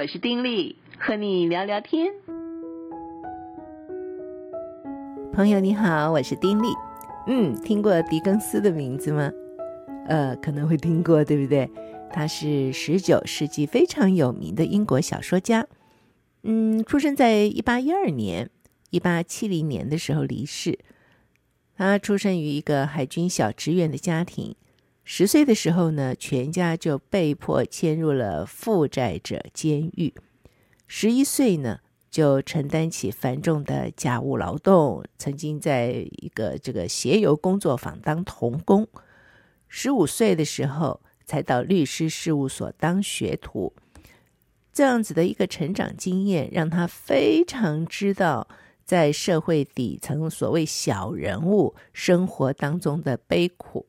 我是丁莉，和你聊聊天。朋友你好，我是丁莉。嗯，聽過狄更斯的名字嗎？呃，可能會聽過，對不對？他是十九世紀非常有名的英國小說家。嗯，出生在一八一二年，一八七零年的時候離世。他出生於一個海軍小職員的家庭。十歲的時候呢，全家就被迫遷入了負債者監獄。十一歲呢，就承擔起繁重的家務勞動，曾經在一個這個鞋油工作坊當童工。十五歲的時候，才到律師事務所當學徒。這樣子的一個成長經驗，讓他非常知道在社會底層所謂小人物生活當中的悲苦。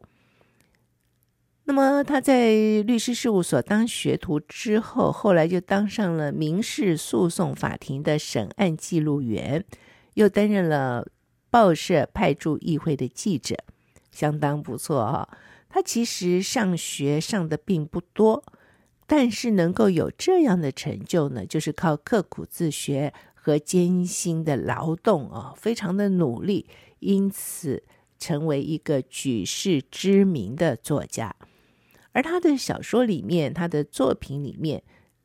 那麼他在律師事務所當學徒之後，後來就當上了民事訴訟法庭的審案記錄員，又擔任了報社派駐議會的記者，相當不錯哈、哦。他其實上學上的並不多，但是能夠有這樣的成就呢，就是靠刻苦自學和艱辛的勞動啊、哦，非常的努力，因此成為一個舉世知名的作家。而他的小說裡面，他的作品裡面，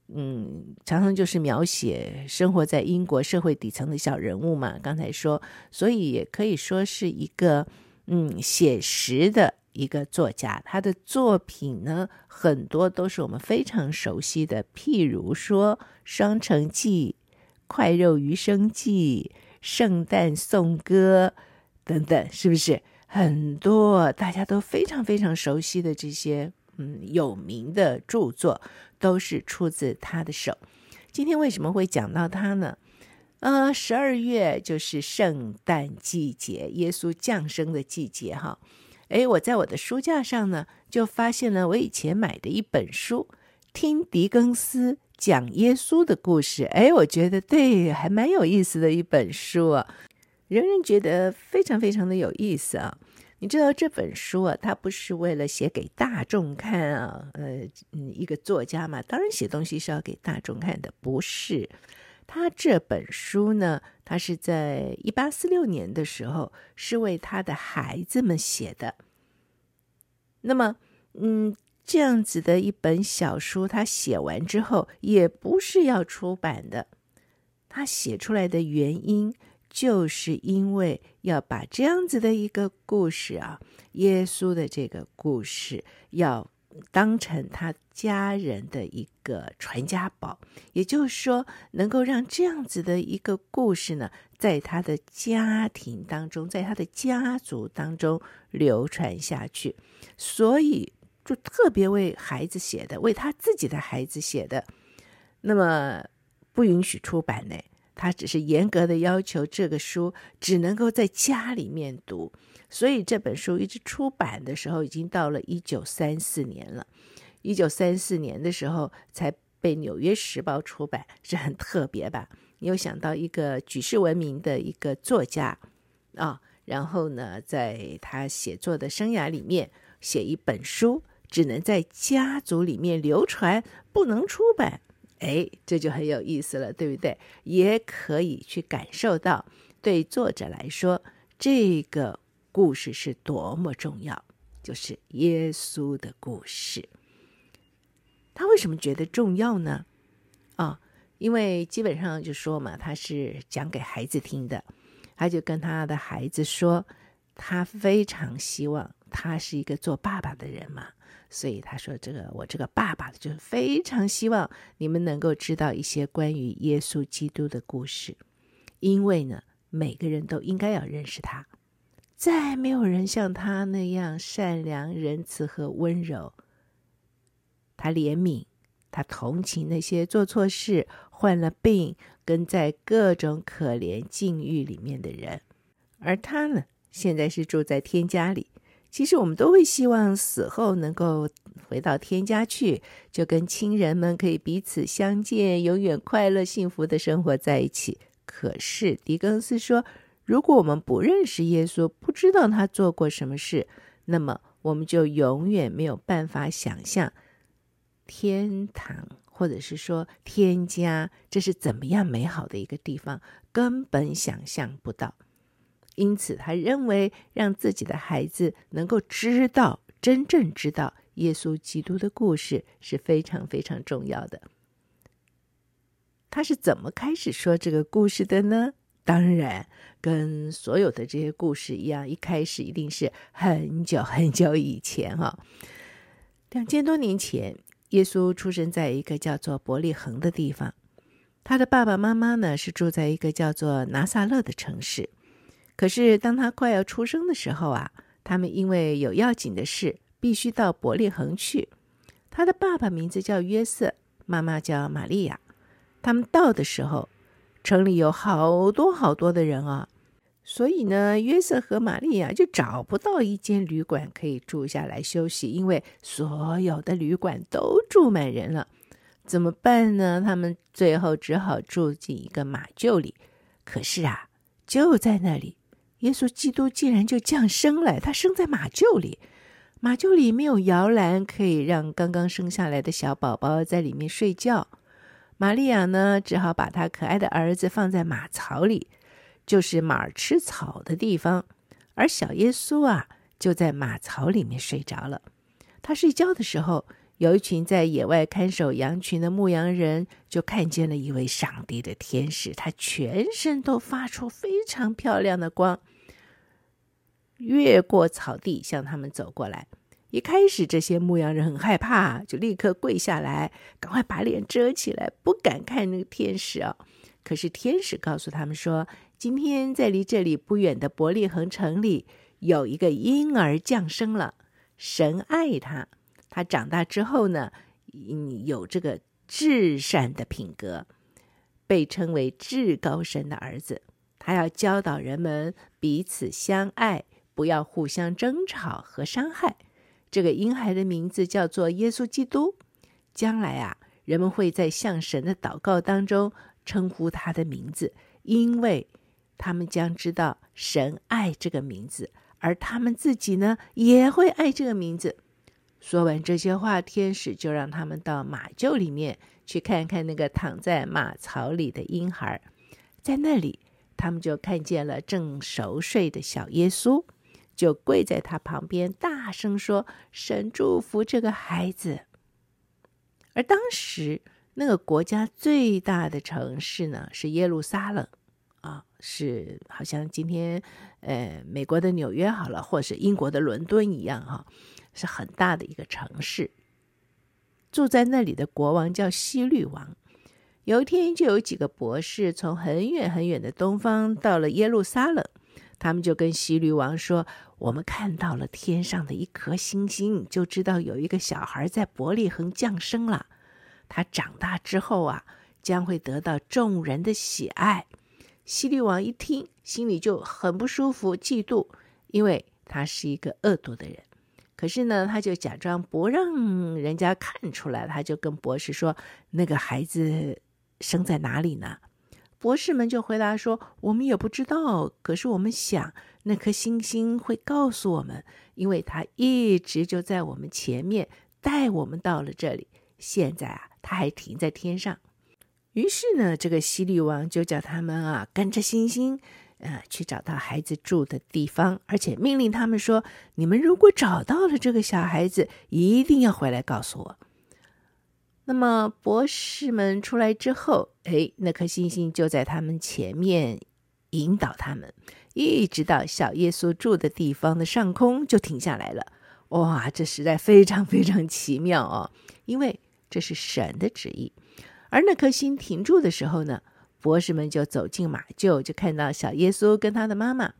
嗯，常常就是描寫生活在英國社會底層的小人物嘛。剛才說，所以也可以說是一個嗯寫實的一個作家。他的作品呢，很多都是我們非常熟悉的，譬如說《雙城記》《塊肉餘生記》《聖誕頌歌》等等，是不是很多大家都非常非常熟悉的這些？嗯，有名的著作都是出自他的手。今天為什麼會講到他呢？呃，十二月就是聖誕季節，耶穌降生的季節哈。誒，我在我的書架上呢，就發現了我以前買的一本書，《聽狄更斯講耶穌的故事》。誒，我覺得對，還蠻有意思的一本書啊，仍然覺得非常非常的有意思啊。你知道這本書啊，它不是為了寫給大眾看啊，呃，一個作家嘛，當然寫東西是要給大眾看的，不是？他這本書呢，他是在一八四六年的時候，是為他的孩子們寫的。那麼，嗯，這樣子的一本小書，他寫完之後也不是要出版的，他寫出來的原因，就是因為要把這樣子的一個故事啊，耶穌的這個故事，要當成他家人的一個傳家寶，也就是說，能夠讓這樣子的一個故事呢，在他的家庭當中，在他的家族當中流傳下去，所以就特別為孩子寫的，為他自己的孩子寫的，那麼不允許出版呢，他只是嚴格的要求，這個書只能夠在家裡面讀，所以這本書一直出版的時候已經到了一九三四年了，一九三四年的時候才被《紐約時報》出版，是很特別吧？你有想到一個舉世聞名的一個作家，啊，然後呢，在他寫作的生涯裡面寫一本書，只能在家族裡面流傳，不能出版。哎，這就很有意思了，對不對？也可以去感受到，對作者來說，這個故事是多麼重要，就是耶穌的故事。他為什麼覺得重要呢？啊、哦，因為基本上就說嘛，他是講給孩子聽的，他就跟他的孩子說，他非常希望他是一個做爸爸的人嘛。所以他說：“這個我這個爸爸就非常希望你們能夠知道一些關於耶穌基督的故事，因為呢，每個人都應該要認識他。再沒有人像他那樣善良、仁慈和溫柔。他憐憫，他同情那些做錯事、患了病、跟在各種可憐境遇裡面的人。而他呢，現在是住在天家裡。”其實我們都會希望死後能夠回到天家去，就跟親人們可以彼此相見，永遠快樂幸福的生活在一起。可是狄更斯說，如果我們不認識耶穌，不知道他做過什麼事，那麼我們就永遠沒有辦法想象天堂，或者是說天家，這是怎麼樣美好的一個地方，根本想象不到。因此，他認為讓自己的孩子能夠知道、真正知道耶穌基督的故事是非常非常重要的。他是怎麼開始說這個故事的呢？當然，跟所有的這些故事一樣，一開始一定是很久很久以前哈、哦，兩千多年前，耶穌出生在一個叫做伯利恆的地方，他的爸爸媽媽呢是住在一個叫做拿撒勒的城市。可是當他快要出生的時候啊，他們因為有要緊的事，必須到伯利恆去。他的爸爸名字叫約瑟，媽媽叫瑪利亞。他們到的時候，城裡有好多好多的人啊，所以呢，約瑟和瑪利亞就找不到一間旅館可以住下來休息，因為所有的旅館都住滿人了。怎麼辦呢？他們最後只好住進一個馬廄裡。可是啊，就在那裡。耶穌基督竟然就降生了，他生在馬廄裡，馬廄裡沒有搖籃，可以讓剛剛生下來的小寶寶在裡面睡覺。瑪利亞呢，只好把他可愛的兒子放在馬槽裡，就是馬兒吃草的地方。而小耶穌啊，就在馬槽裡面睡着了。他睡覺的時候，有一群在野外看守羊群的牧羊人，就看見了一位上帝的天使。他全身都發出非常漂亮的光，越過草地向他們走過來。一開始，這些牧羊人很害怕，就立刻跪下來，趕快把臉遮起來，不敢看那個天使哦。可是天使告訴他們說：“今天在離這裡不遠的伯利恆城裡，有一個嬰兒降生了，神愛他。”他長大之後呢，嗯，有這個至善的品格，被稱為至高神的兒子。他要教導人們彼此相愛，不要互相爭吵和傷害。這個嬰孩的名字叫做耶穌基督。將來啊，人們會在向神的禱告當中稱呼他的名字，因為他們將知道神愛這個名字，而他們自己呢，也會愛這個名字。說完這些話，天使就讓他們到馬厩裡面去看看那個躺在馬槽裡的嬰孩。在那裡，他們就看見了正熟睡的小耶穌，就跪在他旁邊，大聲說：“神祝福這個孩子。”而當時那個國家最大的城市呢，是耶路撒冷，啊，是好像今天，呃，美國的紐約好了，或是英國的倫敦一樣，哈。是很大的一個城市。住在那裡的國王叫希律王。有一天，就有幾個博士從很遠很遠的東方到了耶路撒冷。他們就跟希律王說：“我們看到了天上的一顆星星，就知道有一個小孩在伯利恆降生了。他長大之後啊，將會得到眾人的喜愛。”希律王一聽，心裡就很不舒服、嫉妒，因為他是一個惡毒的人。可是呢，他就假裝不讓人家看出來，他就跟博士說：“那個孩子生在哪裡呢？”博士們就回答說：“我們也不知道，可是我們想那顆星星會告訴我們，因為它一直就在我們前面帶我們到了這裡。現在啊，它還停在天上。”於是呢，這個希律王就叫他們啊跟着星星。啊，去找到孩子住的地方，而且命令他們說：“你們如果找到了這個小孩子，一定要回來告訴我。”那麼博士們出來之後，誒，那顆星星就在他們前面引導他們，一直到小耶穌住的地方的上空就停下來了。哇，這實在非常非常奇妙哦，因為這是神的旨意。而那顆星停住的時候呢，博士們就走進馬廄，就看到小耶穌跟他的媽媽。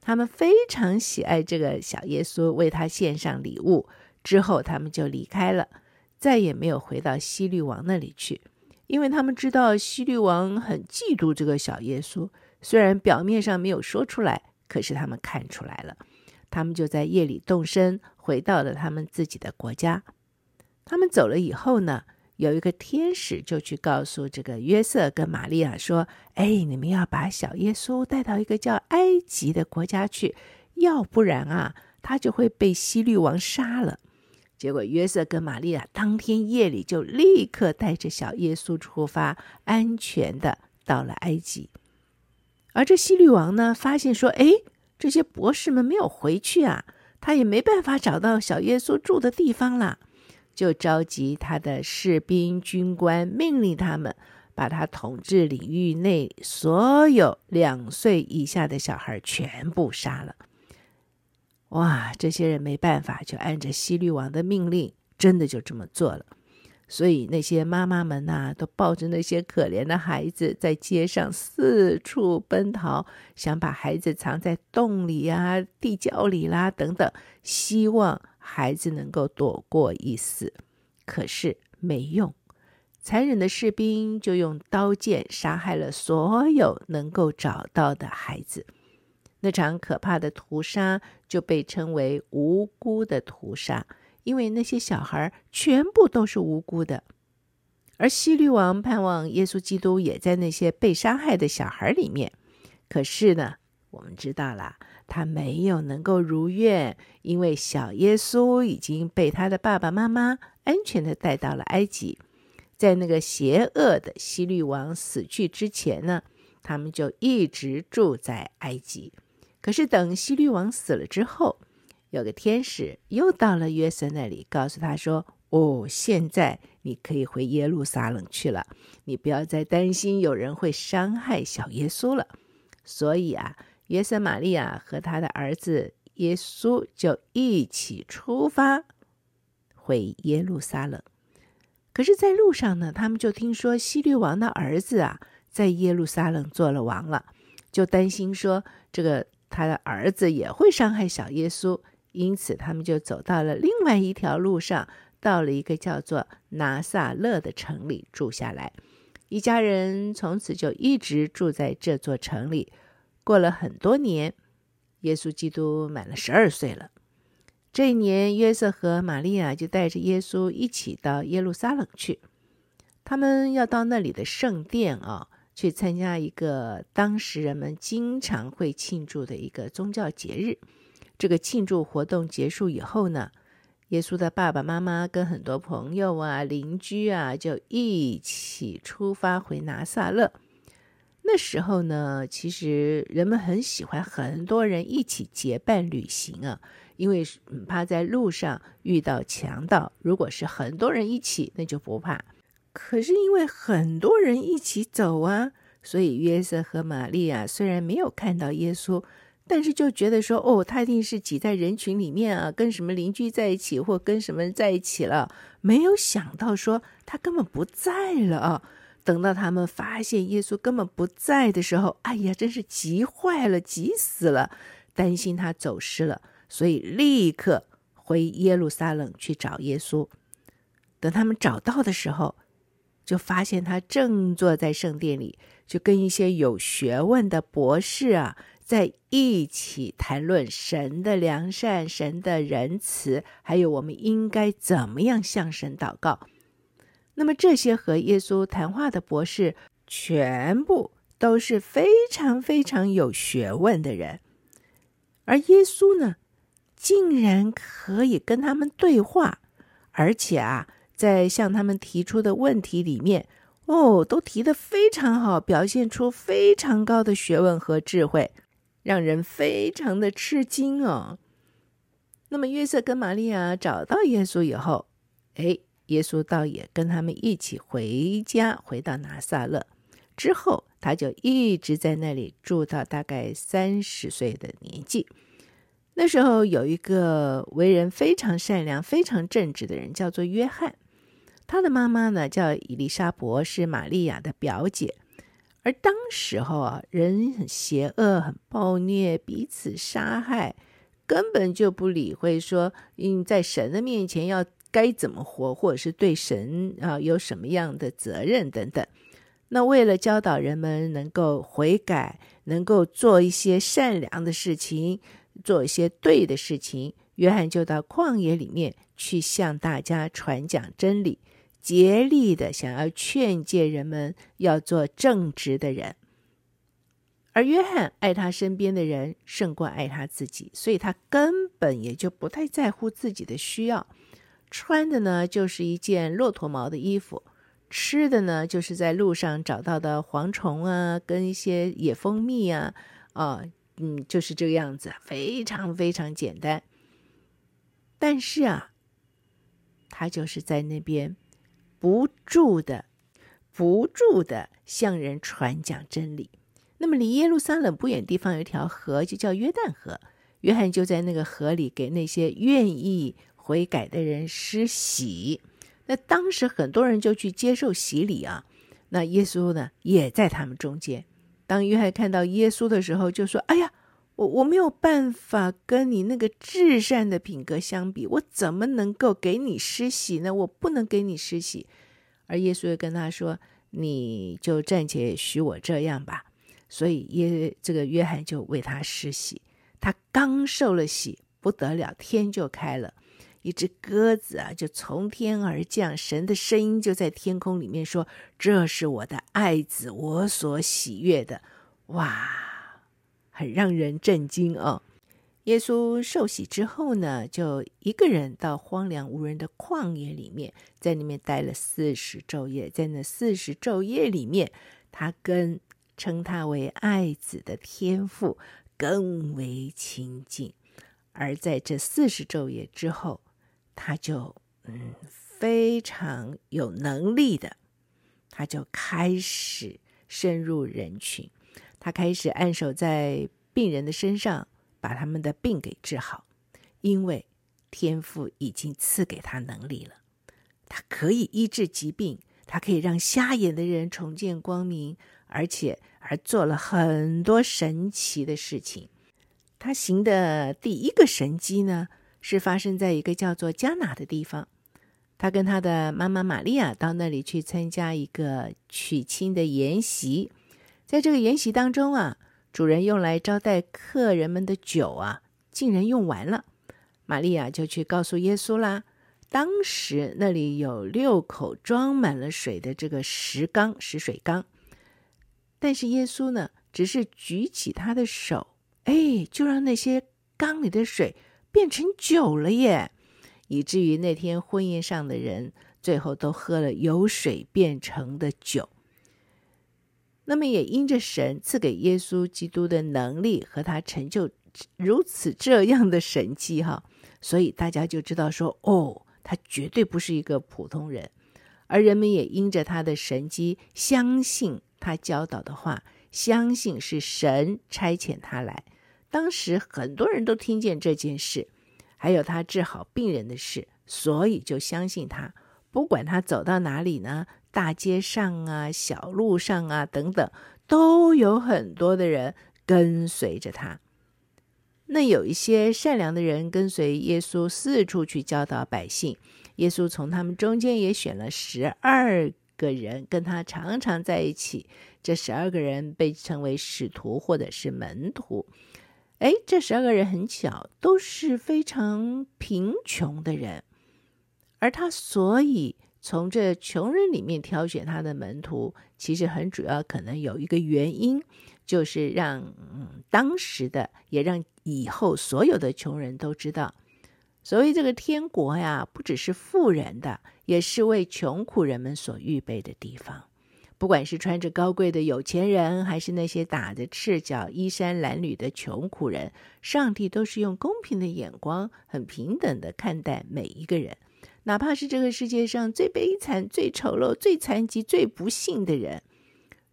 他們非常喜愛這個小耶穌，為他獻上禮物之後，他們就離開了，再也沒有回到希律王那裡去，因為他們知道希律王很嫉妒這個小耶穌，雖然表面上沒有說出來，可是他們看出來了。他們就在夜裡動身，回到了他們自己的國家。他們走了以後呢，有一個天使就去告訴這個約瑟跟瑪利亞說：“哎，你們要把小耶穌帶到一個叫埃及的國家去，要不然啊，他就會被希律王殺了。”結果約瑟跟瑪利亞當天夜裡就立刻帶着小耶穌出發，安全的到了埃及。而這希律王呢，發現說：“哎，這些博士們沒有回去啊，他也沒辦法找到小耶穌住的地方了。”就召集他的士兵軍官，命令他們把他統治領域內所有兩歲以下的小孩全部殺了。哇，這些人沒辦法，就按着希律王的命令，真的就這麼做了。所以那些媽媽們吶、啊，都抱着那些可憐的孩子在街上四處奔逃，想把孩子藏在洞裡啊、地窖裡啦、啊、等等，希望。孩子能夠躲過一死，可是沒用。殘忍的士兵就用刀劍殺害了所有能夠找到的孩子。那場可怕的屠殺就被稱為“無辜的屠殺”，因為那些小孩全部都是無辜的。而希律王盼望耶穌基督也在那些被殺害的小孩裡面，可是呢，我們知道了。他沒有能夠如願，因為小耶穌已經被他的爸爸媽媽安全地帶到了埃及。在那個邪惡的希律王死去之前呢，他們就一直住在埃及。可是等希律王死了之後，有個天使又到了約瑟那裡，告訴他說：“哦，現在你可以回耶路撒冷去了，你不要再擔心有人會傷害小耶穌了。”所以啊。約瑟瑪利亞和他的兒子耶穌就一起出發回耶路撒冷。可是，在路上呢，他們就聽說希律王的兒子啊，在耶路撒冷做了王了，就擔心說這個他的兒子也會傷害小耶穌，因此他們就走到了另外一條路上，到了一個叫做拿撒勒的城裡住下來。一家人從此就一直住在這座城裡。過了很多年，耶穌基督滿了十二歲了。這一年，約瑟和瑪利亞就帶着耶穌一起到耶路撒冷去。他們要到那裡的聖殿啊，去參加一個當時人們經常會慶祝的一個宗教節日。這個慶祝活動結束以後呢，耶穌的爸爸媽媽跟很多朋友啊、鄰居啊，就一起出發回拿撒勒。那時候呢，其實人們很喜歡很多人一起結伴旅行啊，因為怕在路上遇到強盜。如果是很多人一起，那就不怕。可是因為很多人一起走啊，所以約瑟和瑪利亞，雖然沒有看到耶穌，但是就覺得說，哦，他一定是擠在人群裡面啊，跟什麼鄰居在一起，或跟什麼人在一起了。沒有想到說，他根本不在了。等到他們發現耶穌根本不在的時候，哎呀，真是急壞了，急死了，擔心他走失了，所以立刻回耶路撒冷去找耶穌。等他們找到的時候，就發現他正坐在聖殿裡，就跟一些有學問的博士啊在一起談論神的良善、神的仁慈，還有我們應該怎麼樣向神禱告。那麼這些和耶穌談話的博士，全部都是非常非常有學問的人，而耶穌呢，竟然可以跟他們對話，而且啊，在向他們提出的問題裡面，哦，都提得非常好，表現出非常高的學問和智慧，讓人非常的吃驚哦。那麼約瑟跟瑪利亞找到耶穌以後，哎。耶穌倒也跟他們一起回家，回到拿撒勒之後，他就一直在那裡住到大概三十歲的年紀。那時候有一個為人非常善良、非常正直的人，叫做約翰。他的媽媽呢叫以利沙伯，是瑪利亞的表姐。而當時候啊，人很邪惡、很暴虐，彼此殺害，根本就不理會說，嗯，在神的面前要。該怎麼活，或者是對神啊有什麼樣的責任等等。那為了教導人們能夠悔改，能夠做一些善良的事情，做一些對的事情，約翰就到曠野裡面去向大家傳講真理，竭力的想要勸誡人們要做正直的人。而約翰愛他身邊的人勝過愛他自己，所以他根本也就不太在乎自己的需要。穿的呢，就是一件駱駝毛的衣服；吃的呢，就是在路上找到的蝗蟲啊，跟一些野蜂蜜啊，啊、哦，嗯，就是這個樣子，非常非常簡單。但是啊，他就是在那邊不住的、不住的向人傳講真理。那麼，離耶路撒冷不遠地方有一條河，就叫約旦河。約翰就在那個河裡給那些願意悔改的人施洗，那當時很多人就去接受洗禮啊。那耶穌呢也在他們中間。當約翰看到耶穌的時候，就說：“哎呀，我我沒有辦法跟你那個至善的品格相比，我怎麼能夠給你施洗呢？我不能給你施洗。”而耶穌又跟他說：“你就暫且許我這樣吧。”所以耶這個約翰就為他施洗。他剛受了洗，不得了，天就開了。一隻鴿子啊，就從天而降，神的聲音就在天空裡面說：“這是我的愛子，我所喜悅的。”哇，很讓人震驚哦。耶穌受洗之後呢，就一個人到荒涼無人的曠野裡面，在裡面待了四十晝夜。在那四十晝夜裡面，他跟稱他為愛子的天父更為親近。而在這四十晝夜之後，他就嗯，非常有能力的，他就開始深入人群，他開始按守在病人的身上，把他們的病給治好。因為天賦已經賜給他能力了，他可以醫治疾病，他可以讓瞎眼的人重見光明，而且而做了很多神奇的事情。他行的第一個神蹟呢？是發生在一個叫做迦拿的地方。他跟他的媽媽瑪利亞到那裡去參加一個娶親的宴席。在這個宴席當中啊，主人用來招待客人們的酒啊，竟然用完了。瑪利亞就去告訴耶穌啦。當時那裡有六口裝滿了水的這個石缸、石水缸。但是耶穌呢，只是舉起他的手，哎，就讓那些缸裡的水變成酒了耶，以至於那天婚宴上的人最後都喝了由水變成的酒。那麼也因着神賜給耶穌基督的能力和他成就如此這樣的神蹟哈，所以大家就知道說哦，他絕對不是一個普通人。而人們也因着他的神蹟，相信他教導的話，相信是神差遣他來。當時很多人都聽見這件事，還有他治好病人的事，所以就相信他。不管他走到哪裡呢，大街上啊、小路上啊等等，都有很多的人跟隨着他。那有一些善良的人跟隨耶穌四處去教導百姓。耶穌從他們中間也選了十二個人跟他常常在一起。這十二個人被稱為使徒或者是門徒。哎，這十二個人很巧，都是非常貧窮的人，而他所以從這窮人裡面挑選他的門徒，其實很主要可能有一個原因，就是讓、嗯、當時的，也讓以後所有的窮人都知道，所謂這個天國呀，不只是富人的，也是為窮苦人們所預備的地方。不管是穿着高貴的有錢人，還是那些打着赤腳、衣衫襤褸的窮苦人，上帝都是用公平的眼光、很平等的看待每一個人，哪怕是這個世界上最悲慘、最醜陋、最殘疾、最殘疾、最不幸的人。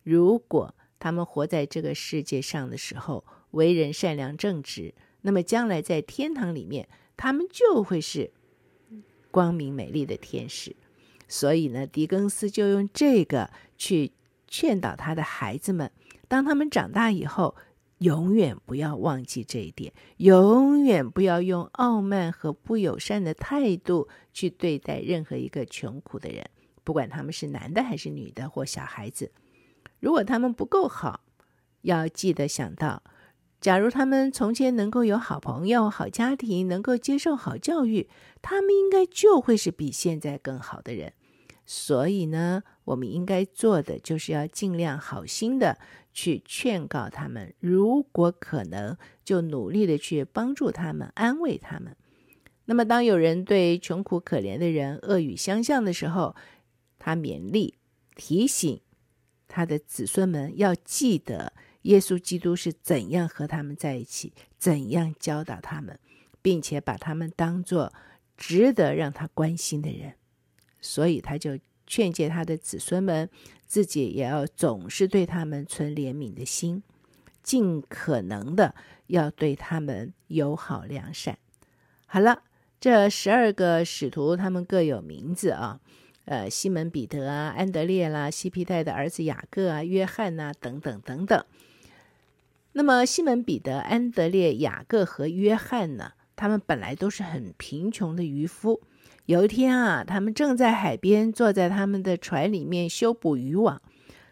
如果他們活在這個世界上的時候，為人善良正直，那麼將來在天堂裡面，他們就會是光明美麗的天使。所以呢，狄更斯就用這個。去勸導他的孩子們，當他們長大以後，永遠不要忘記這一點，永遠不要用傲慢和不友善的態度去對待任何一個窮苦的人，不管他們是男的還是女的或小孩子。如果他們不夠好，要記得想到，假如他們從前能夠有好朋友、好家庭，能夠接受好教育，他們應該就會是比現在更好的人。所以呢，我們應該做的就是要盡量好心的去勸告他們，如果可能，就努力的去幫助他們、安慰他們。那麼，當有人對窮苦可憐的人惡語相向的時候，他勉勵、提醒他的子孫們要記得，耶穌基督是怎樣和他們在一起，怎樣教導他們，並且把他們當做值得讓他關心的人。所以他就勸誡他的子孫們，自己也要總是對他們存憐憫的心，盡可能的要對他們友好良善。好了，這十二個使徒他們各有名字啊，呃，西門彼得啊，安德烈啦、啊，西庇太的兒子雅各啊，約翰吶、啊，等等等等。那麼西門彼得、安德烈、雅各和約翰呢，他們本來都是很貧窮的漁夫。有一天啊，他們正在海邊，坐在他們的船裡面修補漁網。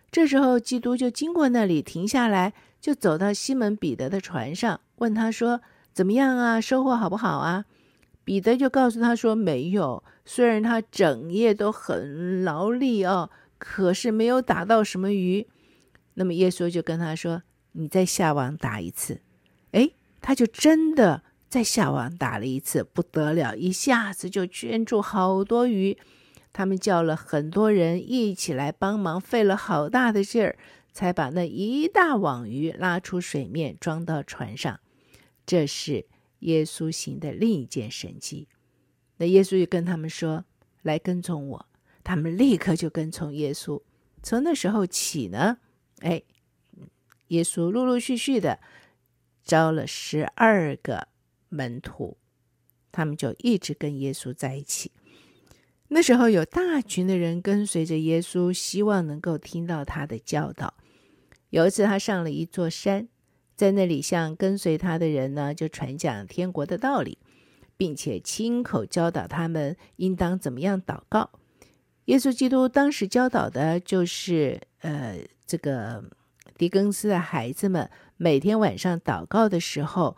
這時候，基督就經過那裡，停下來，就走到西門彼得的船上，問他說：“怎麼樣啊？收穫好不好啊？”彼得就告訴他說：“沒有，雖然他整夜都很勞力啊，哦，可是沒有打到什麼魚。”那麼耶穌就跟他說：“你再下網打一次。”哎，他就真的。在下網打了一次，不得了，一下子就圈住好多魚。他們叫了很多人一起來幫忙，費了好大的勁兒，才把那一大網魚拉出水面，裝到船上。這是耶穌行的另一件神蹟。那耶穌就跟他們說：“來跟從我。”他們立刻就跟從耶穌。從那時候起呢，哎，耶穌陸陸續續的招了十二個。門徒，他們就一直跟耶穌在一起。那時候有大群的人跟隨着耶穌，希望能夠聽到他的教導。有一次，他上了一座山，在那裡向跟隨他的人呢，就傳講天國的道理，並且親口教導他們應當怎麼樣禱告。耶穌基督當時教導的就是，呃，這個狄更斯的孩子們，每天晚上禱告的時候。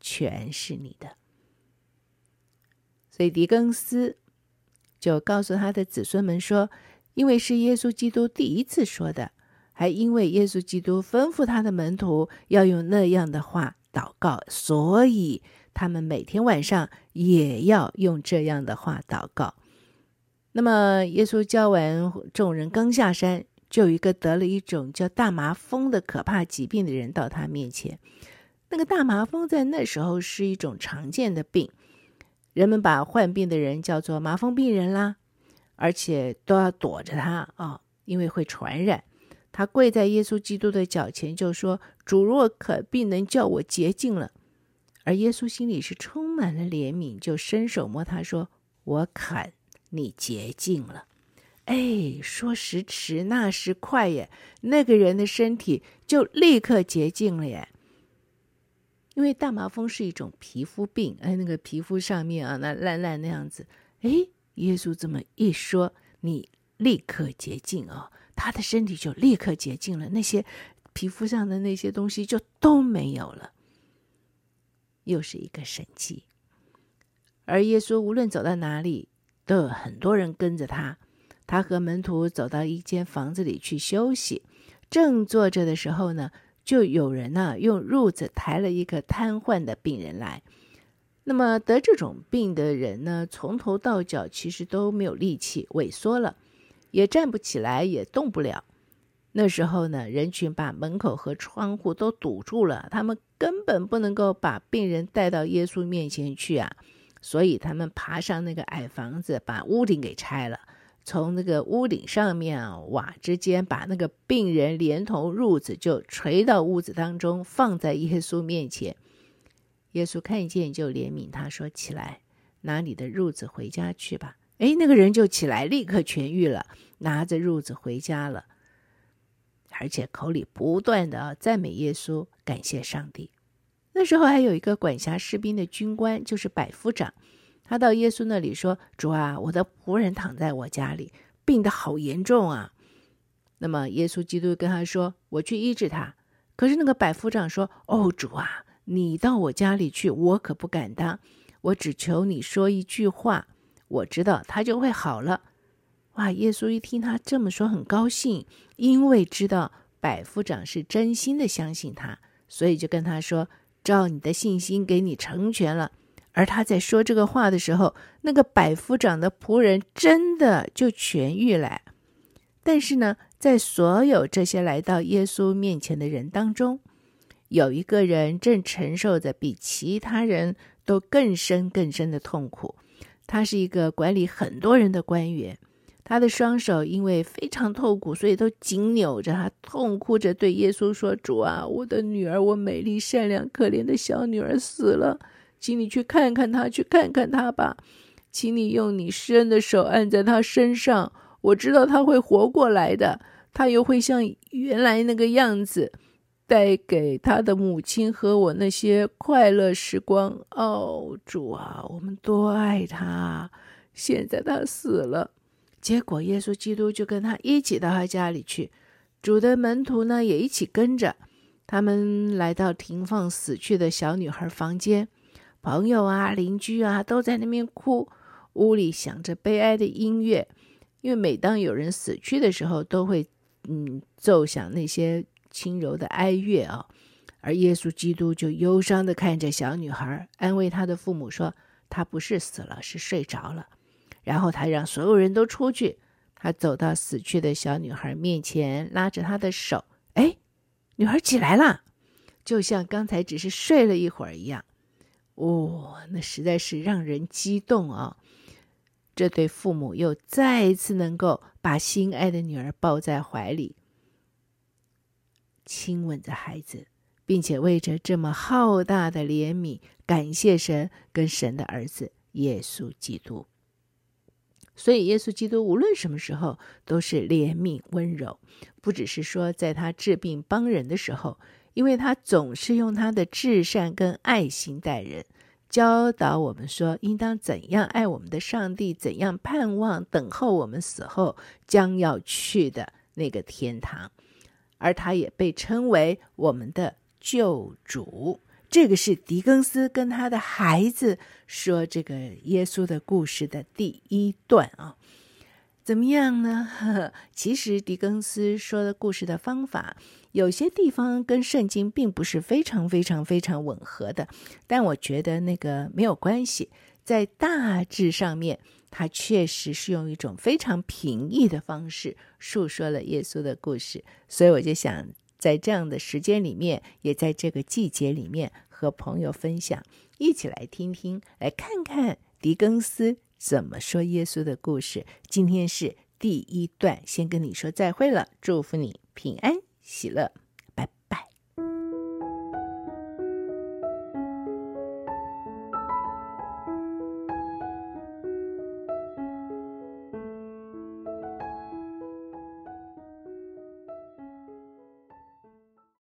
全是你的，所以狄更斯就告訴他的子孫們說：“因為是耶穌基督第一次說的，還因為耶穌基督吩咐他的門徒要用那樣的話禱告，所以他們每天晚上也要用這樣的話禱告。”那麼，耶穌教完眾人剛下山，就有一個得了一種叫大麻風的可怕疾病的人到他面前。那個大麻風在那時候是一種常見的病，人們把患病的人叫做麻風病人啦，而且都要躲着他啊、哦，因為會傳染。他跪在耶穌基督的腳前就說：“主若肯，必能叫我潔淨了。”而耶穌心裡是充滿了憐憫，就伸手摸他說：“我肯你潔淨了。”哎，說時遲，那時快耶，那個人的身體就立刻潔淨了耶。因為大麻風是一種皮膚病，哎，那個皮膚上面啊，那爛爛那樣子。哎，耶穌這麼一說，你立刻潔淨哦，他的身體就立刻潔淨了，那些皮膚上的那些東西就都沒有了，又是一個神跡。而耶穌無論走到哪裡，都有很多人跟着他。他和門徒走到一間房子裡去休息，正坐着的時候呢。就有人呢、啊、用褥子抬了一個癱瘓的病人來。那麼得這種病的人呢，從頭到腳其實都沒有力氣，萎縮了，也站不起來，也動不了。那時候呢，人群把門口和窗戶都堵住了，他們根本不能夠把病人帶到耶穌面前去啊。所以他們爬上那個矮房子，把屋頂給拆了。從那個屋頂上面啊、瓦之間，把那個病人連同褥子，就垂到屋子當中，放在耶穌面前。耶穌看見就憐憫他，說：“起來，拿你的褥子回家去吧。”哎，那個人就起來，立刻痊癒了，拿着褥子回家了，而且口裡不斷的、啊、讚美耶穌，感謝上帝。那時候還有一個管轄士兵的軍官，就是百夫長。他到耶穌那裡說：“主啊，我的僕人躺在我家裡，病得好嚴重啊。”那麼耶穌基督跟他說：“我去醫治他。”可是那個百夫長說：“哦，主啊，你到我家裡去，我可不敢當，我只求你說一句話，我知道他就會好了。”哇！耶穌一聽他這麼說，很高興，因為知道百夫長是真心的相信他，所以就跟他說：“照你的信心，給你成全了。”而他在說這個話的時候，那個百夫長的僕人真的就痊癒了。但是呢，在所有這些來到耶穌面前的人當中，有一個人正承受着比其他人都更深更深的痛苦。他是一個管理很多人的官員，他的雙手因為非常痛苦，所以都緊扭着他。他痛哭着對耶穌說：“主啊，我的女兒，我美麗、善良、可憐的小女兒死了。”請你去看看他，去看看他吧。請你用你施恩的手按在他身上。我知道他會活過來的。他又會像原來那個樣子，帶給他的母親和我那些快樂時光。哦，主啊，我們多愛他，現在他死了。結果，耶穌基督就跟他一起到他家裡去。主的門徒呢，也一起跟着。他們來到停放死去的小女孩房間。朋友啊，鄰居啊，都在那邊哭，屋裡響着悲哀的音樂，因為每當有人死去的時候，都會嗯奏響那些輕柔的哀樂啊、哦。而耶穌基督就憂傷地看着小女孩，安慰她的父母說：“她不是死了，是睡着了。”然後他讓所有人都出去，他走到死去的小女孩面前，拉着她的手，哎，女孩起來了，就像剛才只是睡了一會兒一樣。哦，那實在是讓人激動啊！這對父母又再一次能夠把心愛的女兒抱在懷裡，親吻着孩子，並且為着這麼浩大的憐憫，感謝神跟神的兒子耶穌基督。所以，耶穌基督無論什麼時候都是憐憫溫柔，不只是說在他治病幫人的時候。因為他總是用他的至善跟愛心待人，教導我們說應當怎樣愛我們的上帝，怎樣盼望等候我們死後將要去的那個天堂，而他也被稱為我們的救主。這個是狄更斯跟他的孩子說這個耶穌的故事的第一段啊。怎麼樣呢？呵呵，其實狄更斯說的故事的方法，有些地方跟聖經並不是非常非常非常吻合的，但我覺得那個沒有關係。在大致上面，他確實是用一種非常平易的方式述說了耶穌的故事，所以我就想在這樣的時間裡面，也在這個季節裡面，和朋友分享，一起來聽聽，來看看狄更斯，怎麼說耶穌的故事？今天是第一段，先跟你說再會了，祝福你平安喜樂。